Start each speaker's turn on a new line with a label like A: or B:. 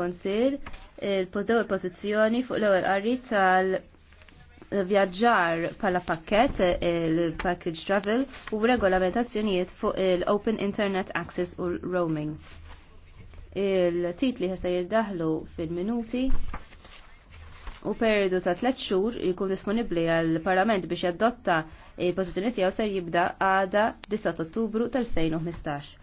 A: konsil il-podew il-pozizjoni fuq l-ewwel qari tal vjaġġar pala pakket il-package travel u regolamentazzjonijiet fuq il-Open Internet Access u roaming. Il-titli ħesa jiddaħlu fil-minuti u periodu ta' tlet xhur jkun disponibbli għal parlament biex jadotta il-pożizzjoni tiegħu ser jibda għada 9 Ottubru tal-2015.